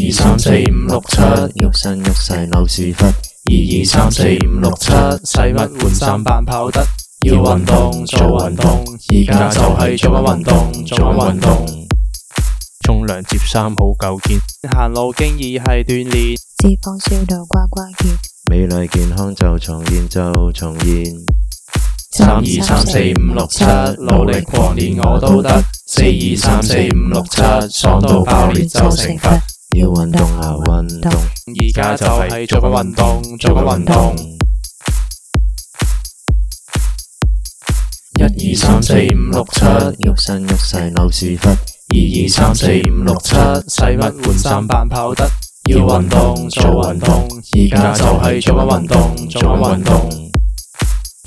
二三四五六七，郁身郁勢扭屎忽。二二三四五六七，2, 2, 3, 4, 5, 6, 7, 使乜換衫扮跑得？要運動做運動，而家就係做緊運動？做緊運動？沖涼摺衫好夠堅，行路經已係鍛鍊，脂肪燒到呱呱叫，美麗健康就重現就重現。三二三四五六七，努力狂練我都得。四二三四五六七，爽到爆裂就成佛。要運動啊運動，而家就係做緊運動？做緊運動？一二三四五六七，郁身郁勢扭屎忽。二二三四五六七，使乜換衫扮跑得？要運動做運動，而家就係做緊運動？做緊運動？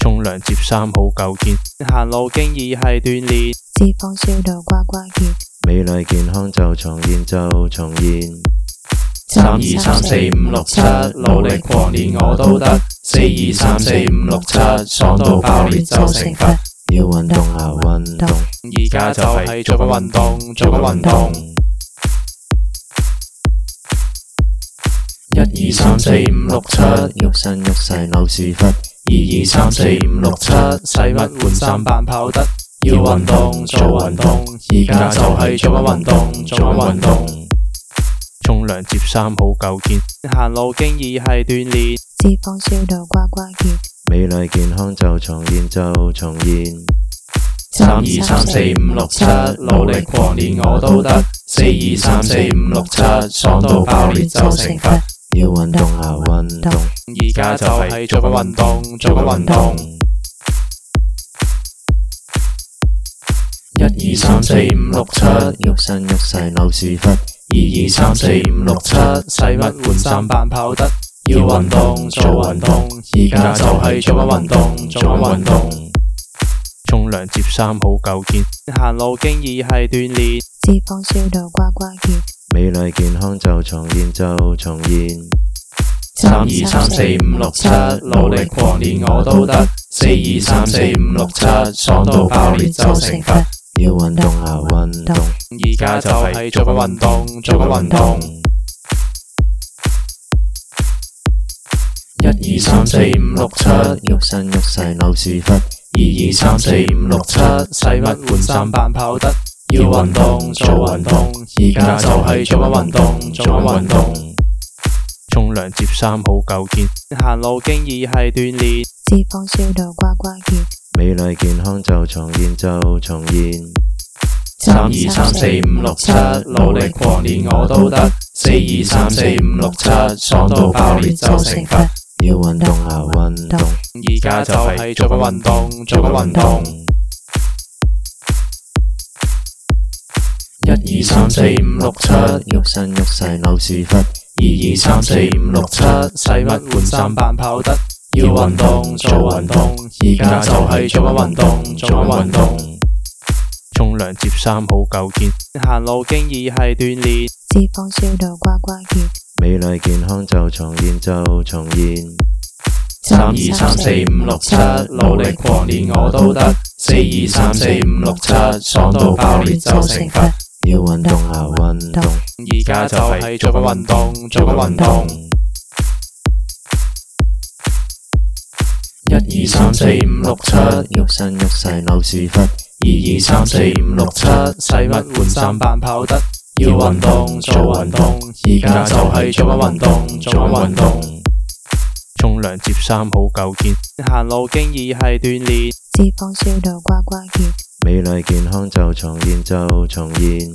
沖涼摺衫好夠堅，行路經已係鍛鍊，脂肪燒到呱呱叫。美麗健康就重現就重現，三二三四五六七，努力狂練我都得，四二三四五六七，爽到爆裂就成佛，要運動啊運動，而家就係做緊運動做緊運動，一二三四五六七，郁身郁勢，扭屎忽，二二三四五六七，使乜換衫扮跑得？要運動做運動，而家就係做緊運動做緊運動。沖涼摺衫好夠堅，行路經已係鍛鍊，脂肪燒到呱呱叫，美麗健康就重現就重現。三二三四五六七，努力狂練我都得。四二三四五六七，爽到爆裂就成佛。要運動啊運動，而家就係做緊運動做緊運動。做運動。一二三四五六七，郁身郁勢，扭屎忽。二二三四五六七，使乜換衫扮跑得？要運動做運動，而家就係做緊運動？做緊運動？沖涼摺衫好夠堅，行路經已係鍛鍊，脂肪燒到呱呱叫，美麗健康就重現就重現。三二三四五六七，努力狂練我都得。四二三四五六七，爽到爆裂就成佛。要運動啊運動，而家就係做緊運動？做緊運動？一二三四五六七，喐身喐勢扭屎忽。二二三四五六七，使乜換衫扮跑得？要運動做運動，而家就係做緊運動？做緊運動？沖涼摺衫好夠堅，行路經已係鍛鍊，脂肪燒到呱呱叫。美麗健康就重現就重現，三二三四五六七，努力狂練我都得，四二三四五六七，爽到爆裂就成佛，要運動啊運動，而家就係做緊運動做緊運動，一二三四五六七，郁身郁勢扭屎忽，二二三四五六七，使乜換衫扮跑得？要運動做運動，而家就係做緊運動做緊運動。沖涼折衫好夠堅，行路經已係鍛鍊，脂肪燒到呱呱叫。美麗健康就重現就重現。三二三四五六七，努力狂練我都得。四二三四五六七，爽到爆裂就成佛。要運動啊運動，而家就係做緊運動做緊運動。做運動二三四五六七，郁身郁勢扭屎忽。二二三四五六七，使乜換衫扮跑得？要運動做運動，而家就係做緊運動？做緊運動？沖涼摺衫好夠堅，行路經已係鍛鍊，脂肪燒到呱呱叫，美麗健康就重現就重現。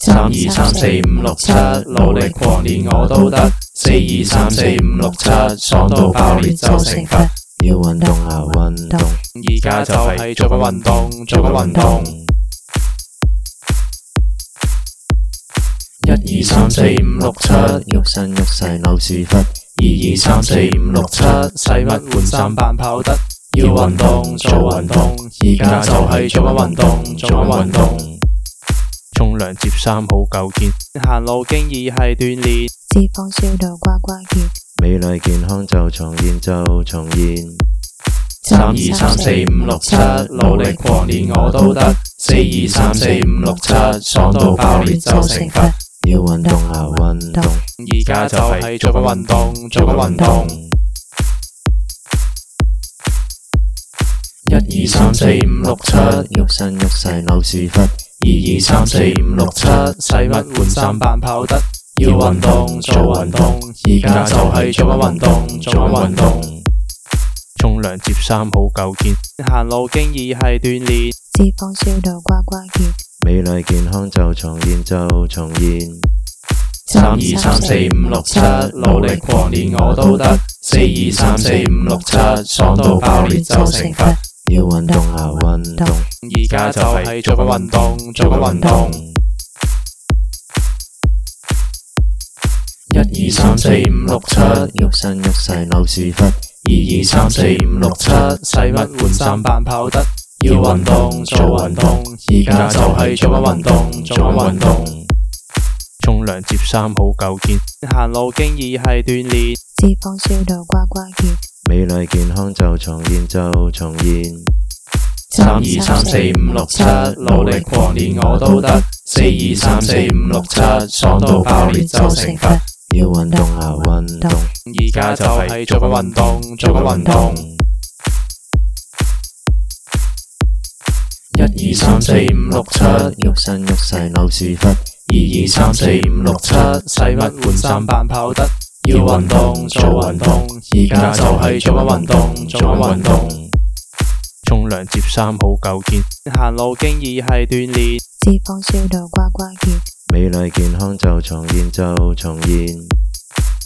三二三四五六七，努力狂練，我都得。四二三四五六七，爽到爆裂就成佛。要運動啊運動，而家就係做緊運動？做緊運動？一二三四五六七，喐身喐勢扭屎忽。二二三四五六七，使乜換衫扮跑得？要運動做運動，而家就係做緊運動？做緊運動？沖涼摺衫好夠堅，行路經已係鍛鍊，脂肪燒到呱呱叫。美麗健康就重現就重現，三二三四五六七，努力狂練我都得。四二三四五六七，爽到爆裂就成佛。要運動啊運動，而家就係做緊運動做緊運動。一二三四五六七，郁身郁勢，扭屎忽。二二三四五六七，使乜換衫扮跑得？要運動做運動，而家就係做緊運動做緊運動。沖涼摺衫好夠堅，行路經已係鍛鍊，脂肪燒到呱呱叫，美麗健康就重現就重現。三二三四五六七，努力狂練我都得。四二三四五六七，爽到爆裂就成佛。要運動啊運動，而家就係做緊運動做緊運動。二三四五六七，郁身郁勢扭屎忽。二二三四五六七，使乜換衫扮跑得？要運動做運動，而家就係做緊運動做運動。沖涼摺衫好夠堅，行路經已係鍛鍊，脂肪燒到呱呱叫，美麗健康就重現就重現。三二三四五六七，努力狂練我都得。四二三四五六七，爽到爆裂就成佛。要運動啊運動，而家就係做緊運動，做緊運動。一二三四五六七，郁身郁勢扭屎忽。二二三四五六七，使乜換衫扮跑得？要運動做運動，而家就係做緊運動，做緊運動。沖涼摺衫好夠堅，行路經已係鍛鍊，脂肪燒到呱呱叫。美麗健康就重現就重現，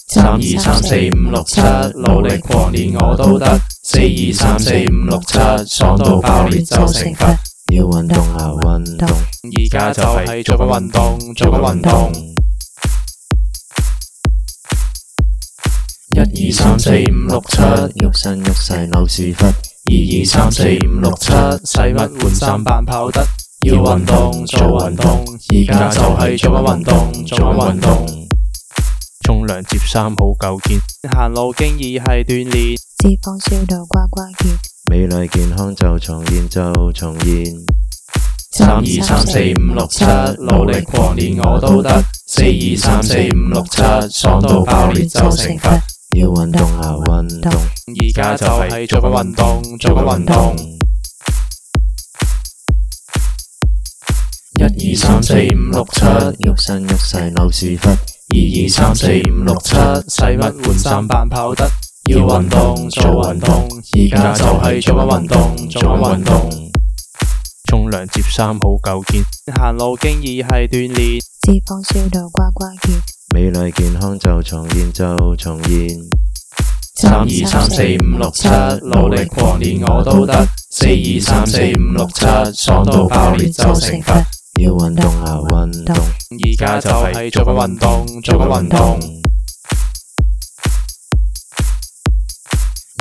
三二三四五六七，努力狂練我都得。四二三四五六七，爽到爆裂就成佛。要運動啊運動，而家就係做緊運動做緊運動。一二三四五六七，郁身郁勢扭屎忽。二二三四五六七，使乜換衫扮跑得？要運動做運動，而家就係做緊運動做緊運動。沖涼摺衫好夠堅，行路經已係鍛鍊，脂肪燒到呱呱叫，美麗健康就重現就重現。三二三四五六七，努力狂練我都得。四二三四五六七，爽到爆裂就成佛。要運動啊運動，而家就係做緊運動做緊運動。一二三四五六七，郁身郁勢扭屎忽。二二三四五六七，使乜換衫扮跑得？要運動做運動，而家就係做緊運動？做緊運動？沖涼摺衫好夠堅，行路經已係鍛鍊，脂肪燒到呱呱叫，美麗健康就重現就重現。三二三四五六七，努力狂練我都得。四二三四五六七，爽到爆裂就成佛。要運動啊運動，而家就係做緊運動？做緊運動？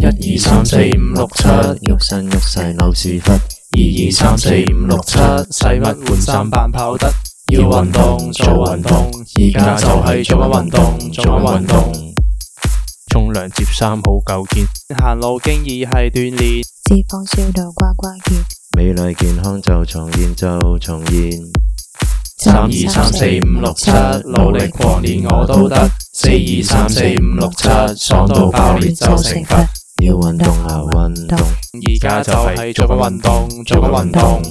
一二三四五六七，郁身郁勢扭屎忽。二二三四五六七，使乜換衫扮跑得？要運動做運動，而家就係做緊運動？做緊運動？沖涼摺衫好夠堅，行路經已係鍛鍊，脂肪燒到呱呱叫。美麗健康就重現就重現，三二三四五六七，努力狂練我都得。四二三四五六七，爽到爆裂就成佛。要運動啊運動，而家就係做緊運動做緊運動。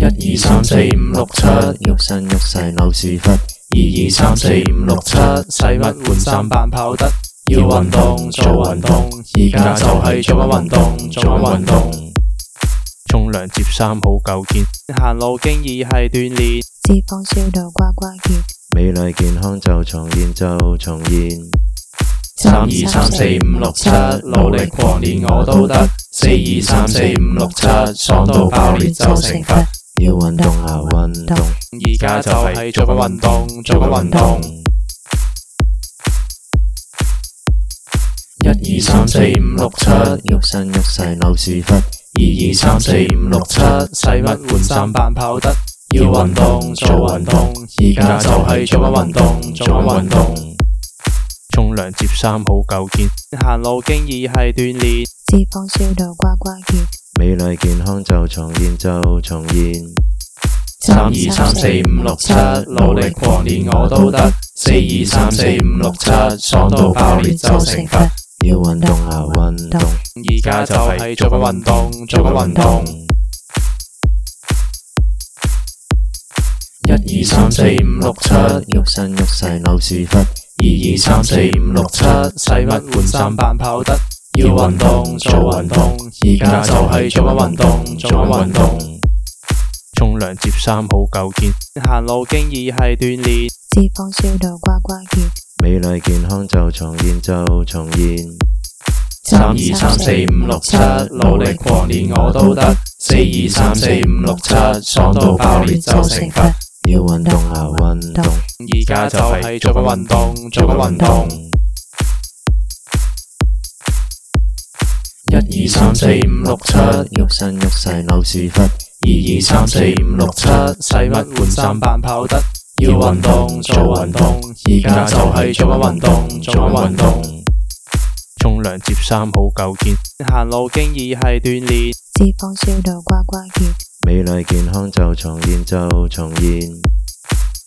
一二三四五六七，郁身郁勢扭屎忽。二二三四五六七，使乜換衫扮跑得？要運動做運動，而家就係做緊運動。做緊運動。沖涼摺衫好夠堅，行路經已係鍛鍊，脂肪燒到呱呱叫。美麗健康就重現就重現。三二三四五六七，努力狂練我都得。四二三四五六七，爽到爆裂就成佛。要運動啊運動，而家就係做緊運動。做緊運動。二三四五六七，郁身郁勢扭屎忽。二二三四五六七，使乜換衫扮跑得？要運動做運動，而家就係做緊運動？做緊運動？沖涼摺衫好夠堅，行路經已係鍛鍊，脂肪燒到呱呱叫。美麗健康就重現就重現。三二三四五六七，努力狂練我都得。四二三四五六七，爽到爆裂就成佛。要運動啊運動，而家就係做緊運動做緊運動。一二三四五六七，郁、嗯、身郁勢扭屎忽。二二三四五六七，使乜換衫扮跑得。要運動做運動，而家就係做緊運動做緊運動。沖涼摺衫好夠堅，行路經已係鍛鍊，脂肪燒到呱呱叫。美麗健康就重現就重現，三二三四五六七，努力狂練我都得。四二三四五六七，爽到爆裂就成佛。要運動啊運動，而家就係做緊運動做緊運動。一二三四五六七，郁身郁勢扭屎忽。二二三四五六七，使乜換衫扮跑得？要運動做運動，而家就係做緊運動，做緊運動。沖涼、摺衫好夠堅，行路經已係鍛鍊，脂肪燒到呱呱叫，美麗健康就重現就重現。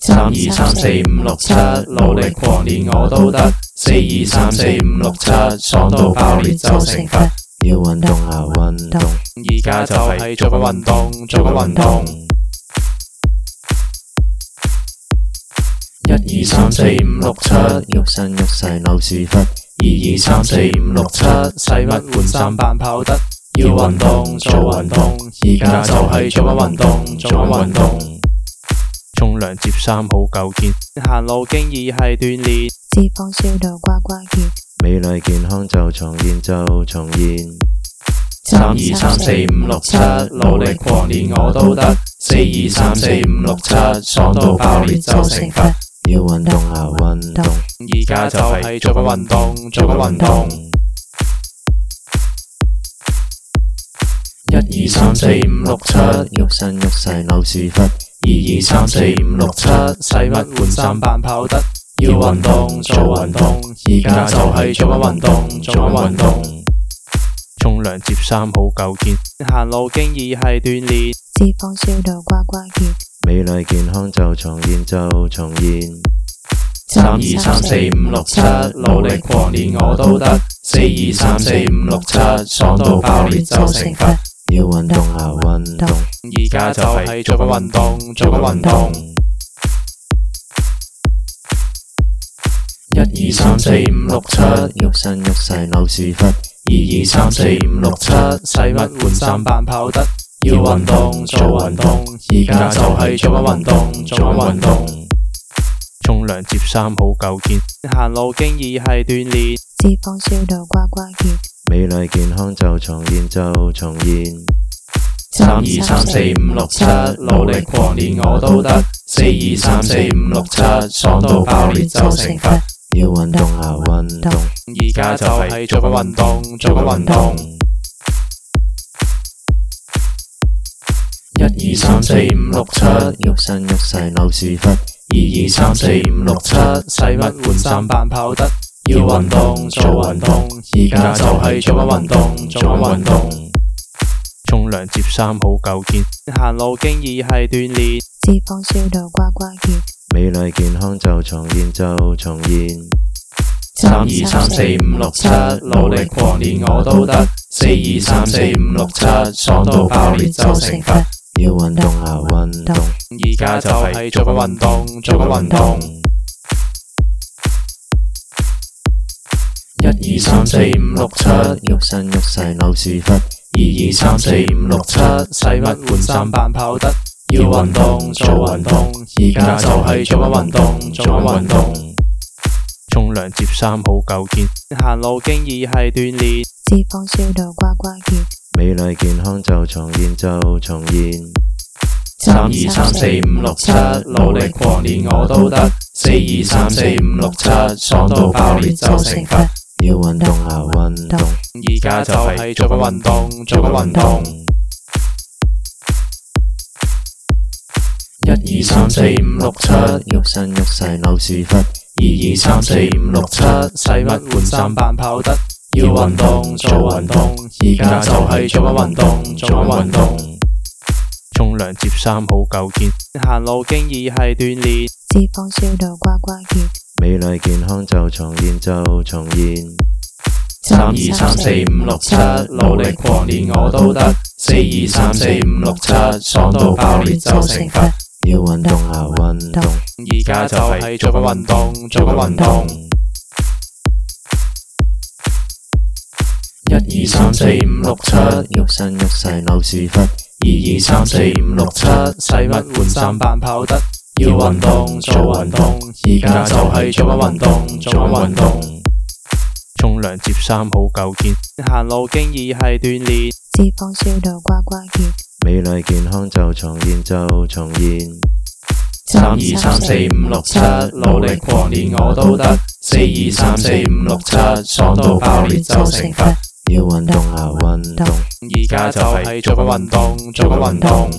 三二三四五六七，努力狂練我都得。四二三四五六七，爽到爆裂就成佛。要運動啊運動，而家就係做緊運動，做緊運動。一二三四五六七，郁身郁勢扭屎忽。二二三四五六七，使乜換衫扮跑得？要運動做運動，而家就係做緊運動？做緊運動？沖涼摺衫好夠堅，行路經已係鍛鍊，脂肪燒到呱呱叫，美麗健康就重現就重現。三二三四五六七，努力狂練我都得。四二三四五六七，爽到爆裂就成佛。要運動啊運動，而家就係做緊運動？做緊運動？一二三四五六七，郁身郁勢扭屎忽。二二三四五六七，使乜換衫扮跑得？要運動做運動，而家就係做緊運動？做緊運動？沖涼摺衫好夠堅，行路經已係鍛鍊，脂肪燒到呱呱叫。美麗健康就重現就重現，三二三四五六七，努力狂練我都得。四二三四五六七，爽到爆裂就成佛。要運動啊運動，而家就係做緊運動做緊運動。一二三四五六七，郁身郁勢扭屎忽。二二三四五六七，使乜換衫扮跑得？要運動做運動，而家就係做緊運動，做緊運動。沖涼摺衫好夠堅，行路經已係鍛鍊，脂肪燒到呱呱叫，美麗健康就重現就重現。三二三四五六七，努力狂練我都得。四二三四五六七，爽到爆裂就成佛。要運動啊運動，而家就係做緊運動，動。做緊運動。一二三四五六七，喐身喐勢扭屎忽。二二三四五六七，使乜換衫扮跑得？要運動做運動，而家就係做緊運動做緊運動。沖涼摺衫好夠堅，行路經已係鍛鍊。脂肪燒到呱呱叫，美麗健康就重現就重現。三二三四五六七，努力狂練我都得。四二三四五六七，爽到爆裂就成佛。要運動啊運動，而家就係做緊運動，做緊運動。一二三四五六七，喐身喐勢扭屎忽。二二三四五六七，使乜換衫扮跑得？要運動做運動，而家就係做緊運動，做緊運動。沖涼折衫好夠堅，行路經已係鍛鍊，脂肪燒到呱呱叫。美麗健康就重現就重現。三二三四五六七，努力狂練我都得。四二三四五六七，爽到爆裂就成佛。要運動啊運動，而家就係做緊運動，做緊運動。一二三四五六七，喐身喐勢扭屎忽。二二三四五六七，使乜換衫扮跑得？要運動做運動，而家就係做運動做運動。沖涼摺衫好夠堅，行路經已係鍛鍊。脂肪燒到呱呱叫。美麗健康就重現就重現。三二三四五六七，努力狂練我都得。四二三四五六七，爽到爆裂就成佛。要運動啊運動，而家就係做運動做運動。一二三四五六七，郁身郁勢扭屎忽。二二三四五六七，2, 2, 3, 4, 5, 6, 7, 使乜換衫扮跑得。要運動做運動，而家就係做緊運動，做緊運動。沖涼摺衫好夠堅，行路經已係鍛鍊，脂肪燒到呱呱叫，美麗健康就重現就重現。三二三四五六七，努力狂練我都得。四二三四五六七，爽到爆裂就成佛。要運動啊運動，而家就係做緊運動做緊運動？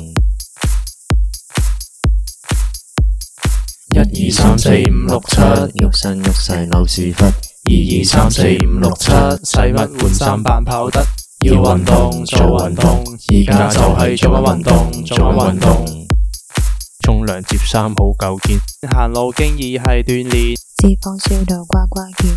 一二三四五六七，郁身郁勢扭屎忽。二二三四五六七，使乜換衫扮跑得？要運動做運動，而家就係做緊運動做緊運動？沖涼摺衫好夠堅，行路經已係鍛鍊，脂肪燒到呱呱叫。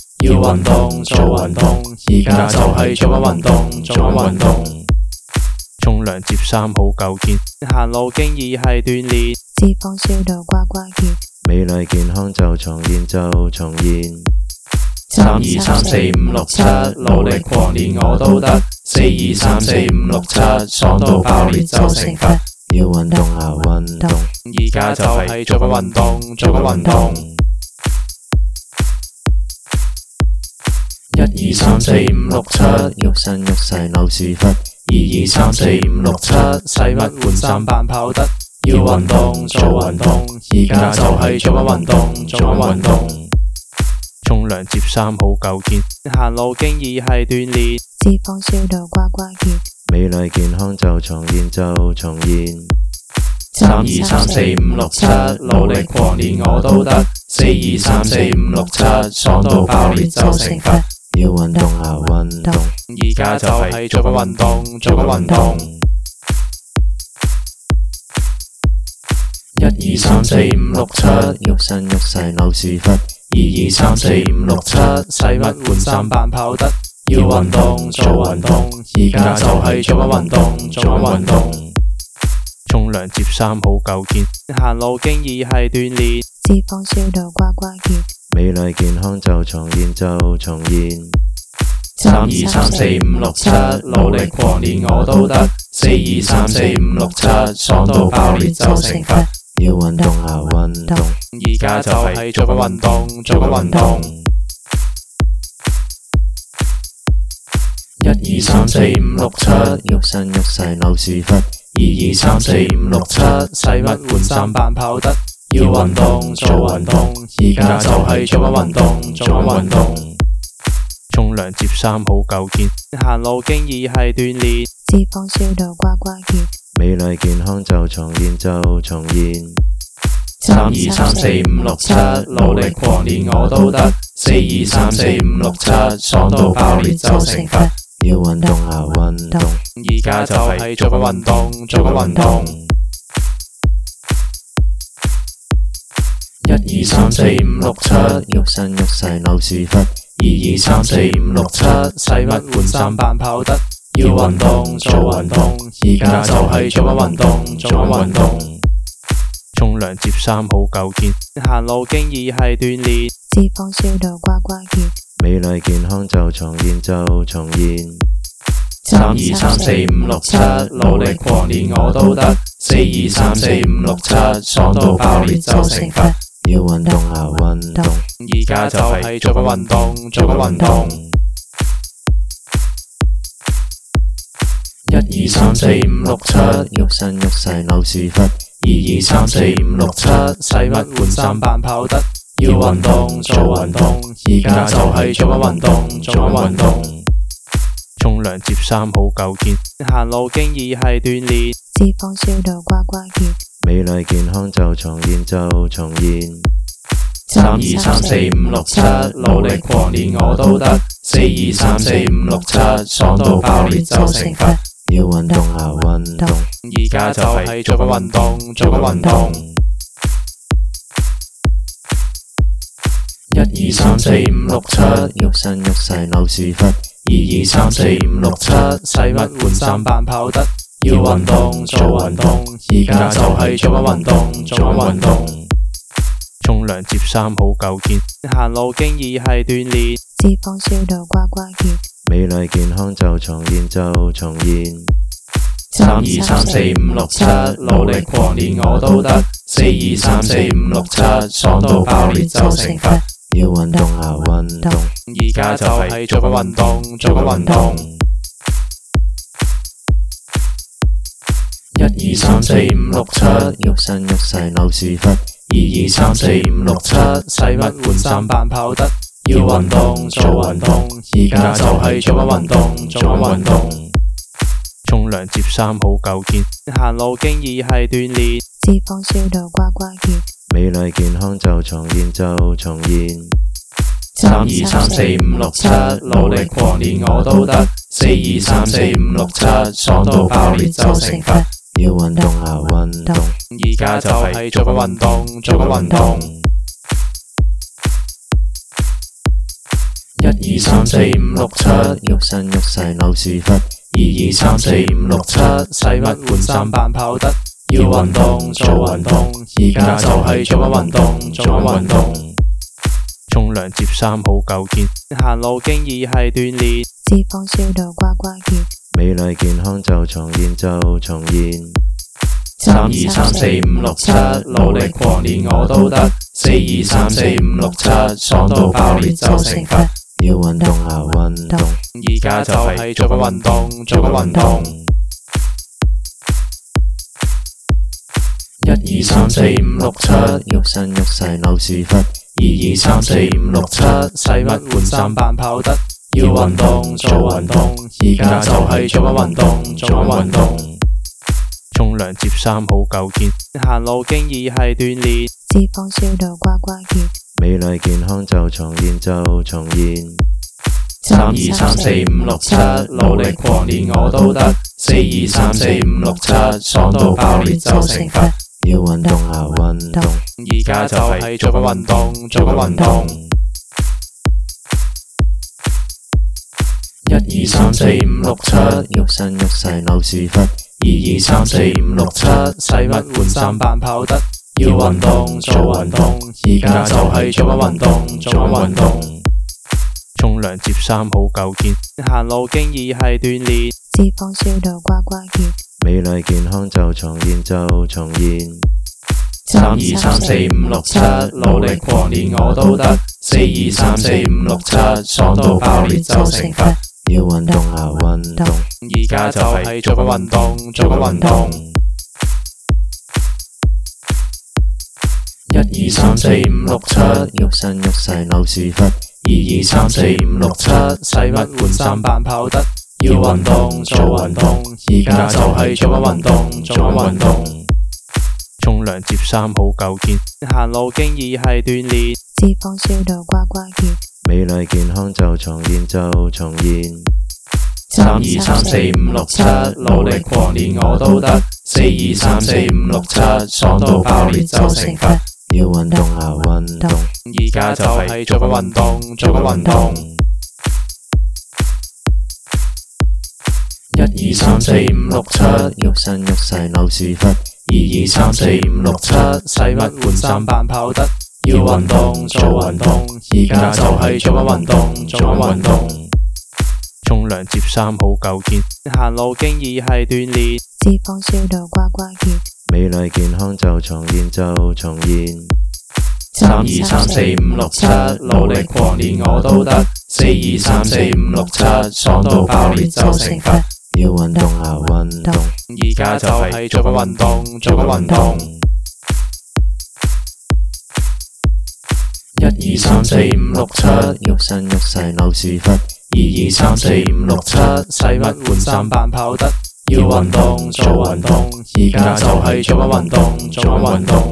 要運動，做運動，而家就係做緊運動，做緊運動。沖涼摺衫好夠堅，行路經已係鍛鍊，脂肪燒到呱呱叫，美麗健康就重現就重現。三二三四五六七，努力狂練我都得，四二三四五六七，爽到爆裂就成佛。要運動啊運動，而家就係做緊運動，做緊運動。一二三四五六七，郁身郁勢扭屎忽。二二三四五六七，使乜換衫扮跑得？要運動做運動，而家就係做緊運動，做緊運動。沖涼摺衫好夠堅，行路經已係鍛鍊，脂肪燒到呱呱叫，美麗健康就重現就重現。三二三四五六七，努力狂練我都得。四二三四五六七，爽到爆裂就成佛。要運動啊運動，而家就係做緊運動？做緊運動？一二三四五六七，喐身喐勢扭屎忽。二二三四五六七，使乜換衫扮跑得？要運動做運動，而家就係做緊運動？做緊運動？沖涼摺衫好夠堅，行路經已係鍛鍊，脂肪燒到呱呱叫。美麗健康就重現就重現，三二三四五六七，努力狂練我都得。四二三四五六七，爽到爆裂就成佛。要運動啊運動，而家就係做緊運動做緊運動。一二三四五六七，郁身郁勢扭屎忽。二二三四五六七，使乜換衫扮跑得？要運動做運動，而家就係做緊運動做緊運動。沖涼摺衫好夠堅，行路經已係鍛鍊，脂肪燒到呱呱叫，美麗健康就重現就重現。三二三四五六七，努力狂練我都得，四二三四五六七，爽到爆裂就成佛。要運動啊運動，而家就係做緊運動做緊運動。做運動。一二三四五六七，郁身郁勢扭屎忽。二二三四五六七，使乜換衫扮跑得？要運動做運動，而家就係做緊運動？做緊運動？沖涼摺衫好夠堅，行路經已係鍛鍊，脂肪燒到呱呱叫，美麗健康就重現就重現。三二三四五六七，努力狂練我都得。四二三四五六七，爽到爆裂就成佛。要運動啊運動，而家就係做緊運動？做緊運動？一二三四五六七，郁身郁勢扭屎忽。二二三四五六七，使乜換衫扮跑得？要運動做運動，而家就係做緊運動？做緊運動？沖涼摺衫好夠堅，行路經已係鍛鍊，脂肪燒到呱呱叫。美麗健康就重現就重現，三二三四五六七，努力狂練我都得，四二三四五六七，爽到爆裂就成佛，要運動啊運動，而家就係做緊運動做緊運動，一二三四五六七，郁身郁勢扭屎忽，二二三四五六七，使乜換衫扮跑得？要運動，做運動，而家就係做緊運動，做緊運動。沖涼摺衫好夠堅，行路經已係鍛鍊，脂肪燒到呱呱叫，美麗健康就重現就重現。三二三四五六七，努力狂練我都得。四二三四五六七，爽到爆裂就成佛。要運動啊運動，而家就係做緊運動，做緊運動。一二三四五六七，郁身郁勢，扭屎忽。二二三四五六七，使乜換衫扮跑得？要運動做運動，而家就係做緊運動，做緊運動。沖涼摺衫好夠堅，行路經已係鍛鍊，脂肪燒到呱呱叫，美麗健康就重現就重現。三二三四五六七，努力狂練我都得。四二三四五六七，爽到爆裂就成佛。要運動啊運動，而家就係做緊運動做緊運動。一二三四五六七，郁、嗯、身郁勢扭屎忽。二二三四五六七，使乜換衫扮跑得？要運動做運動，而家就係做緊運動做緊運動。沖涼摺衫好夠堅，行路經已係鍛鍊，脂肪燒到呱呱叫。美麗健康就重現就重現，三二三四五六七，努力狂練我都得，四二三四五六七，爽到爆裂就成佛，要運動啊運動，而家就係做緊運動做緊運動，一二三四五六七，郁身郁勢扭屎忽，二二三四五六七，使乜換衫扮跑得？要運動做運動，而家就係做緊運動做緊運動。沖涼摺衫好夠堅，行路經已係鍛鍊，脂肪燒到呱呱叫，美麗健康就重現就重現。三二三四五六七，努力狂練我都得。四二三四五六七，爽到爆裂就成佛。要運動啊運動，而家就係做緊運動做緊運動。一二三四五六七，郁身郁勢扭屎忽。二二三四五六七，使乜換衫扮跑得。要運動做運動，而家就係做緊運動，做緊運動。沖涼折衫好夠堅，行路經已係鍛鍊，脂肪燒到呱呱叫，美麗健康就重現就重現。三二三四五六七，努力狂練我都得。四二三四五六七，爽到爆裂就成佛。要運動啊運動，而家就係做緊運動？做緊運動？一二三四五六七，郁身郁勢扭屎忽。二二三四五六七，使乜換衫扮跑得？要運動做運動，而家就係做緊運動？做緊運動？沖涼摺衫好夠堅，行路經已係鍛鍊，脂肪燒到呱呱叫。美麗健康就重現就重現，三二三四五六七，努力狂練我都得，四二三四五六七，爽到爆裂就成佛，要運動啊運動，而家就係做緊運動做緊運動，一二三四五六七，郁身郁勢扭屎忽，二二三四五六七，使乜換衫扮跑得？要運動做運動，而家就係做緊運動做緊運動。沖涼摺衫好夠堅，行路經已係鍛鍊，脂肪燒到呱呱叫，美麗健康就重現就重現。三二三四五六七，努力狂練我都得。四二三四五六七，爽到爆裂就成佛。要運動啊運動，而家就係做緊運動做緊運動。一二三四五六七，郁身郁勢扭屎忽。二二三四五六七，使乜換衫扮跑得？要運動做運動，而家就係做緊運動做緊運動。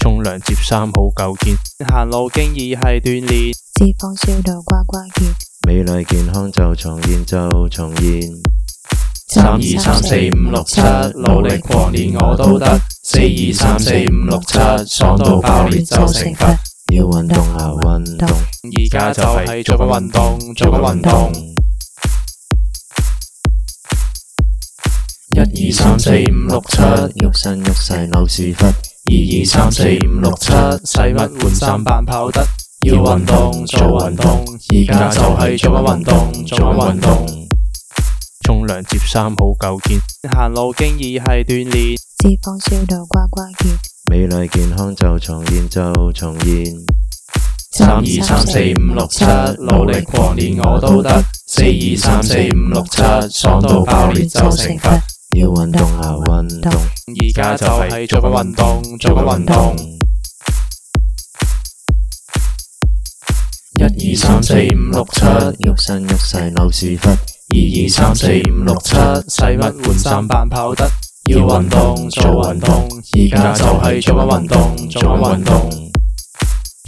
沖涼摺衫好夠堅，行路經已係鍛鍊，脂肪燒到呱呱叫，美麗健康就重現就重現。三二三四五六七，努力狂練我都得。四二三四五六七，爽到爆裂就成佛。要運動啊運動，而家就係做緊運動，做緊運動。一二三四五六七，郁身郁勢扭屎忽。二二三四五六七，使乜換衫扮跑得？要運動做運動，而家就係做緊運動，做緊運動。沖涼折衫好夠堅，行路經已係鍛鍊，脂肪燒到呱呱叫。美麗健康就重現就重現，三二三四五六七，努力狂練我都得，四二三四五六七，爽到爆裂就成佛，要運動啊運動，而家就係做緊運動做緊運動，一二三四五六七，郁身郁勢扭屎忽，二二三四五六七，2, 2, 3, 4, 5, 6, 7, 使乜換衫扮跑得。要運動做運動，而家就係做緊運動做緊運動。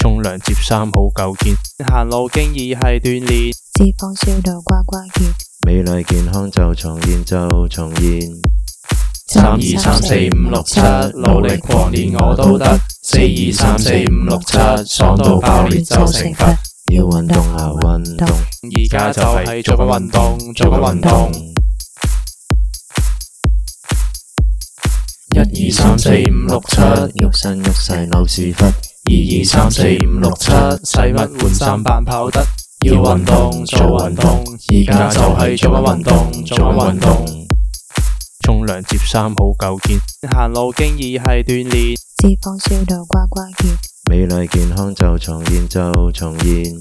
沖涼摺衫好夠堅，行路經已係鍛鍊，脂肪燒到呱呱叫，美麗健康就重現就重現。三二三四五六七，努力狂練我都得。四二三四五六七，爽到爆裂就成佛。要運動啊運動，而家就係做緊運動做緊運動。一二三四五六七，郁身郁勢扭屎忽。二二三四五六七，使乜換衫扮跑得？要運動做運動，而家就係做緊運動，做緊運動。沖涼摺衫好夠堅，行路經已係鍛鍊，脂肪燒到呱呱叫，美麗健康就重現就重現。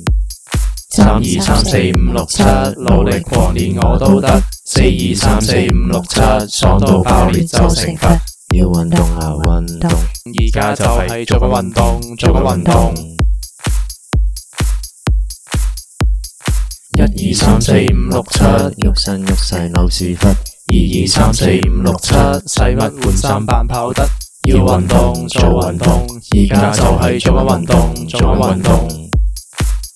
三二三四五六七，努力狂練我都得。四二三四五六七，爽到爆裂就成佛。要運動啊運動，而家就係做緊運動，做緊運動。一二三四五六七，郁身郁勢扭屎忽。二二三四五六七，使乜換衫扮跑得？要運動做運動，而家就係做緊運動，做緊運動。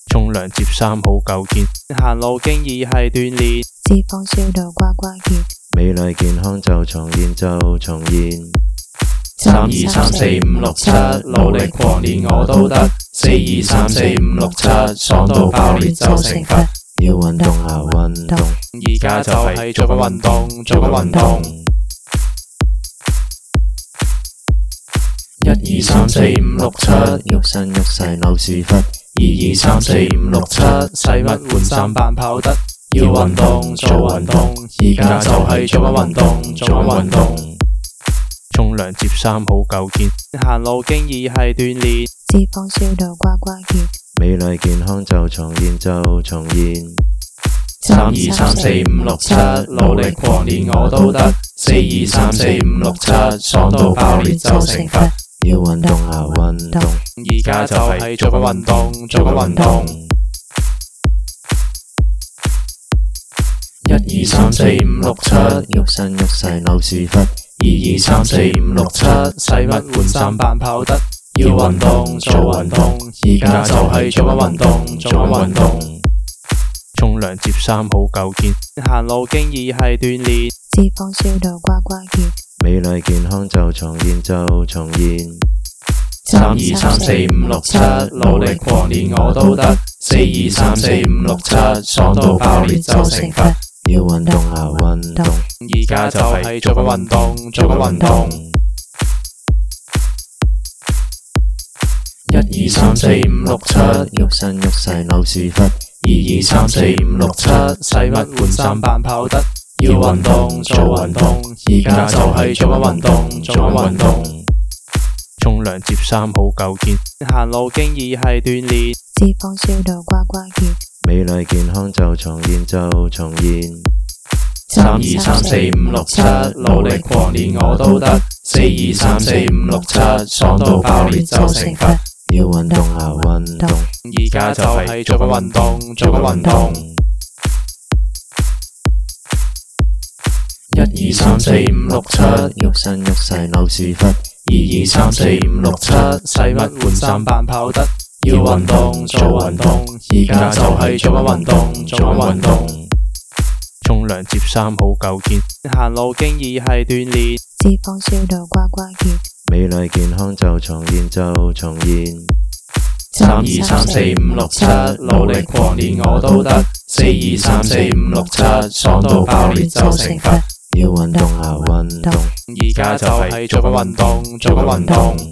沖涼摺衫好夠堅，行路經已係鍛鍊，脂肪燒到呱呱叫。美麗健康就重現就重現，三二三四五六七，努力狂練我都得。四二三四五六七，爽到爆裂就成佛。要運動啊運動，而家就係做緊運動做緊運動。一二三四五六七，郁身郁勢扭屎忽。二二三四五六七，使乜換衫扮跑得？要運動做運動，而家就係做緊運動做緊運動。沖涼折衫好夠堅，行路經已係鍛鍊。脂肪燒到呱呱叫，美麗健康就重現就重現。三二三四五六七，努力狂練我都得。四二三四五六七，爽到爆裂就成佛。要運動啊運動，而家就係做緊運動做緊運動。一二三四五六七，郁身郁勢扭屎忽。二二三四五六七，使乜換衫扮跑得？要運動做運動，而家就係做緊運動？做緊運動？沖涼摺衫好夠堅，行路經已係鍛鍊，脂肪燒到呱呱叫，美麗健康就重現就重現。三二三四五六七，努力狂練我都得。四二三四五六七，爽到爆裂就成佛。要運動啊運動，而家就係做緊運動，做緊運動。一二三四五六七，喐身喐勢扭屎忽。二二三四五六七，使乜換衫扮跑得？要運動做運動，而家就係做緊運動，做緊運動。沖涼摺衫好夠堅，行路經已係鍛鍊，脂肪燒到呱呱叫。美麗健康就重現就重現，三二三四五六七，努力狂練我都得。四二三四五六七，爽到爆裂就成佛。要運動啊運動，而家就係做緊運動做緊運動。一二三四五六七，郁身郁勢扭屎忽。二二三四五六七，使乜換衫扮跑得。要運動做運動，而家就係做緊運動做緊運動。沖涼、摺衫好夠堅，行路經已係鍛鍊，脂肪燒到呱呱叫。美麗健康就重現就重現。三二三四五六七，努力狂練我都得；四二三四五六七，爽到爆裂就成佛。要運動啊運動，而家就係做緊運動做緊運動。運動